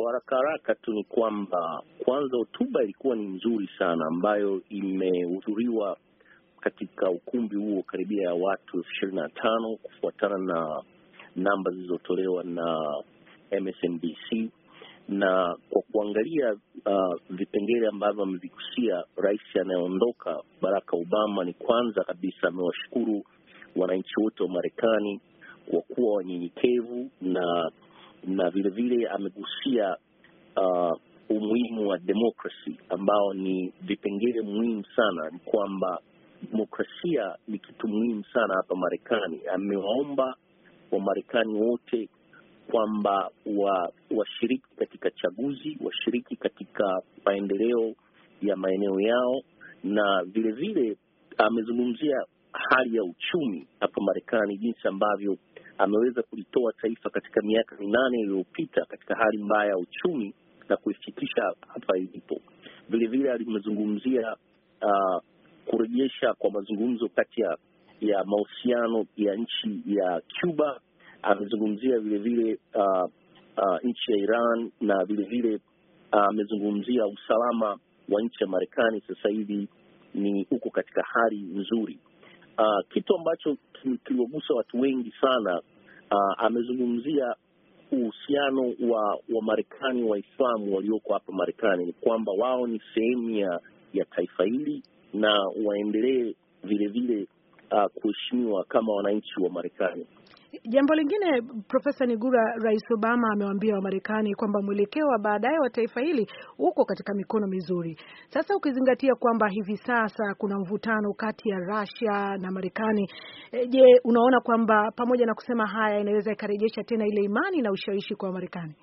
Kwa haraka haraka tu ni kwamba kwanza, hotuba ilikuwa ni nzuri sana, ambayo imehudhuriwa katika ukumbi huo karibia ya watu elfu ishirini na tano kufuatana na namba zilizotolewa na MSNBC na kwa kuangalia uh, vipengele ambavyo amevigusia rais anayeondoka baraka Obama, ni kwanza kabisa amewashukuru wananchi wote wa Marekani kwa kuwa wanyenyekevu na na vilevile amegusia uh, umuhimu wa demokrasi ambao ni vipengele muhimu sana, ni kwamba demokrasia ni kitu muhimu sana hapa Marekani. Amewaomba Wamarekani wote kwamba washiriki wa katika chaguzi, washiriki katika maendeleo ya maeneo yao, na vilevile amezungumzia hali ya uchumi hapa Marekani, jinsi ambavyo ameweza kulitoa taifa katika miaka minane iliyopita katika hali mbaya ya uchumi na kuifikisha hapa ilipo. Vilevile alimezungumzia uh, kurejesha kwa mazungumzo kati ya ya mahusiano ya nchi ya Cuba. Amezungumzia vilevile uh, uh, nchi ya Iran na vilevile uh, amezungumzia uh, usalama wa nchi ya Marekani sasa hivi ni uko katika hali nzuri. Uh, kitu ambacho kiliogusa watu wengi sana uh, amezungumzia uhusiano wa Wamarekani Waislamu walioko hapa Marekani, ni kwamba wao ni sehemu ya, ya taifa hili na waendelee vilevile uh, ah, kuheshimiwa kama wananchi wa Marekani. Jambo lingine Profesa Nigura, Rais Obama amewaambia Wamarekani kwamba mwelekeo wa baadaye wa taifa hili uko katika mikono mizuri. Sasa ukizingatia kwamba hivi sasa kuna mvutano kati ya Russia na Marekani, e, je, unaona kwamba pamoja na kusema haya inaweza ikarejesha tena ile imani na ushawishi kwa Wamarekani?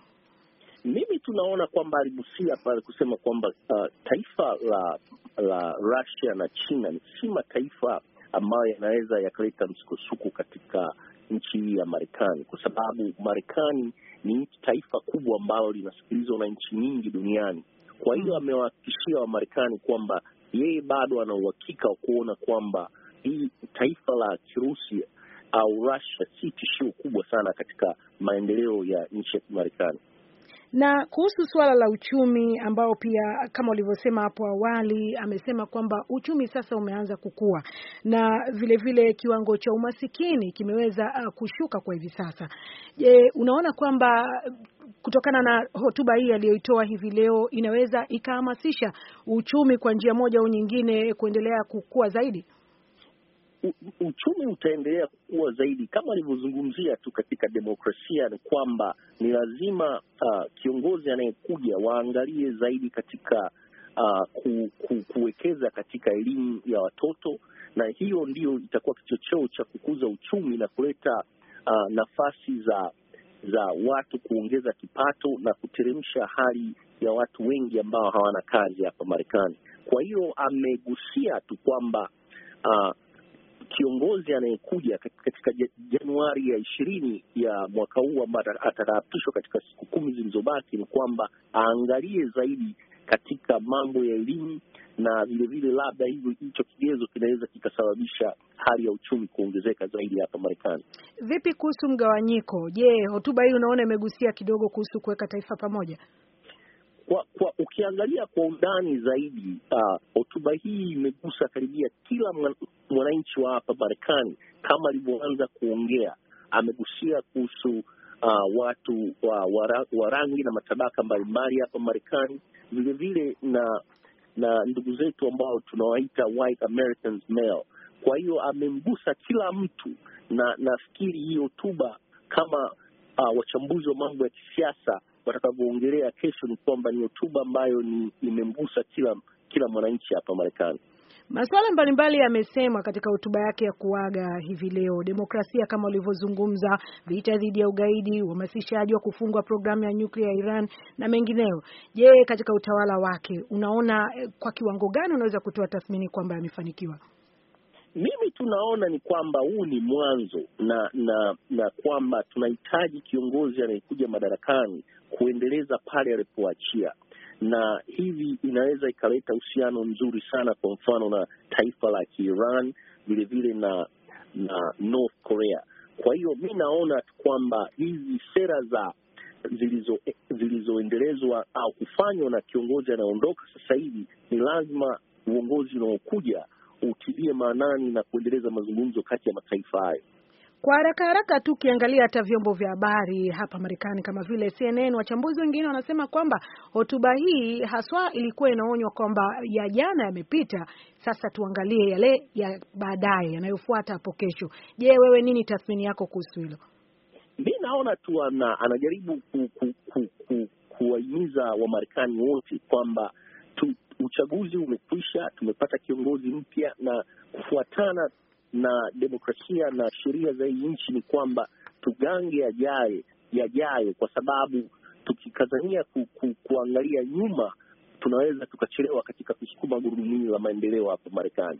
Mimi tunaona kwamba aligusia pale kusema kwamba uh, taifa la la Russia na China si mataifa ambayo yanaweza yakaleta msukosuko katika nchi ya Marekani, kwa sababu Marekani ni taifa kubwa ambalo linasikilizwa na nchi nyingi duniani. Kwa hiyo hmm. amewahakikishia Wamarekani kwamba yeye bado ana uhakika wa kuona kwamba hii taifa la Kirusi au Russia si tishio kubwa sana katika maendeleo ya nchi ya Kimarekani. Na kuhusu suala la uchumi ambao pia kama ulivyosema hapo awali, amesema kwamba uchumi sasa umeanza kukua na vile vile kiwango cha umasikini kimeweza uh, kushuka kwa hivi sasa. Je, unaona kwamba kutokana na hotuba hii aliyoitoa hivi leo inaweza ikahamasisha uchumi kwa njia moja au nyingine kuendelea kukua zaidi? uchumi utaendelea kukua zaidi, kama alivyozungumzia tu. Katika demokrasia ni kwamba ni lazima uh, kiongozi anayekuja waangalie zaidi katika uh, ku, ku, kuwekeza katika elimu ya watoto, na hiyo ndiyo itakuwa kichocheo cha kukuza uchumi na kuleta uh, nafasi za za watu kuongeza kipato na kuteremsha hali ya watu wengi ambao hawana kazi hapa Marekani. Kwa hiyo amegusia tu kwamba uh, kiongozi anayekuja katika Januari ya ishirini ya mwaka huu ambayo atakaapishwa katika siku kumi zilizobaki, ni kwamba aangalie zaidi katika mambo ya elimu na vilevile, labda hivyo hicho kigezo kinaweza kikasababisha hali ya uchumi kuongezeka zaidi hapa Marekani. Vipi kuhusu mgawanyiko? Je, hotuba hii unaona imegusia kidogo kuhusu kuweka taifa pamoja? kwa, kwa ukiangalia kwa undani zaidi uh, hotuba uh, hii imegusa karibia kila mwananchi wa hapa Marekani. Kama alivyoanza kuongea, amegusia kuhusu uh, watu wa, wa rangi na matabaka mbalimbali hapa Marekani, vilevile na na ndugu zetu ambao tunawaita white Americans male. Kwa hiyo amemgusa kila mtu, na nafikiri hii hotuba kama uh, wachambuzi wa mambo ya kisiasa watakavyoongelea kesho ni kwamba ni hotuba ambayo ni imemgusa kila kila mwananchi hapa Marekani. Masuala mbalimbali yamesemwa katika hotuba yake ya kuaga hivi leo: demokrasia kama ulivyozungumza, vita dhidi ya ugaidi, uhamasishaji wa kufungwa programu ya nyuklia ya Iran na mengineyo. Je, katika utawala wake unaona eh, kwa kiwango gani unaweza kutoa tathmini kwamba amefanikiwa? Mimi tunaona ni kwamba huu ni mwanzo na na na kwamba tunahitaji kiongozi anayekuja madarakani kuendeleza pale alipoachia, na hivi inaweza ikaleta uhusiano mzuri sana, kwa mfano na taifa la Kiiran vilevile na, na North Korea. Kwa hiyo mi naona kwamba hizi sera za zilizo zilizoendelezwa au kufanywa na kiongozi anaondoka sasa hivi, ni lazima uongozi unaokuja utilie maanani na kuendeleza mazungumzo kati ya mataifa hayo. Kwa haraka haraka tu ukiangalia hata vyombo vya habari hapa Marekani kama vile CNN, wachambuzi wengine wanasema kwamba hotuba hii haswa ilikuwa inaonywa kwamba ya jana yamepita, sasa tuangalie yale ya baadaye yanayofuata hapo kesho. Je, wewe nini tathmini yako kuhusu hilo? Mi naona tu ana, anajaribu ku, ku, ku, ku, kuwahimiza Wamarekani wote kwamba uchaguzi umekwisha, tumepata kiongozi mpya na kufuatana na demokrasia na sheria za hii nchi ni kwamba tugange yajayo yajayo, kwa sababu tukikazania ku, ku, kuangalia nyuma tunaweza tukachelewa katika kusukuma gurudumu hili la maendeleo hapa Marekani.